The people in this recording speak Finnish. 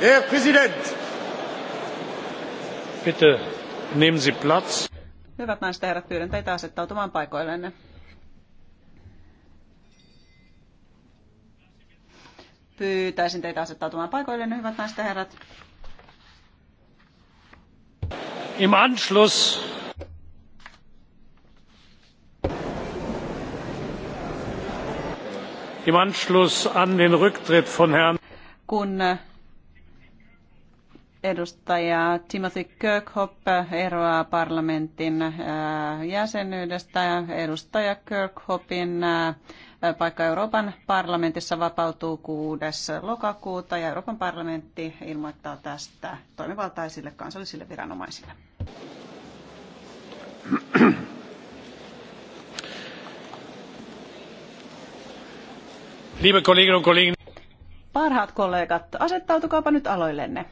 Herr Präsident! Bitte nehmen Sie Platz. Hyvät naiset ja herrat, pyydän teitä asettautumaan paikoillenne. Pyytäisin teitä asettautumaan paikoillenne, hyvät naiset ja herrat. Im Anschluss Im Anschluss an den Rücktritt von Herrn kun Edustaja Timothy Kirkhope eroaa parlamentin äh, jäsenyydestä. Edustaja Kirkhopin äh, paikka Euroopan parlamentissa vapautuu 6. lokakuuta ja Euroopan parlamentti ilmoittaa tästä toimivaltaisille kansallisille viranomaisille. Liebe Kolleginnen und Kollegen. Parhaat kollegat, asettautukaapa nyt aloillenne.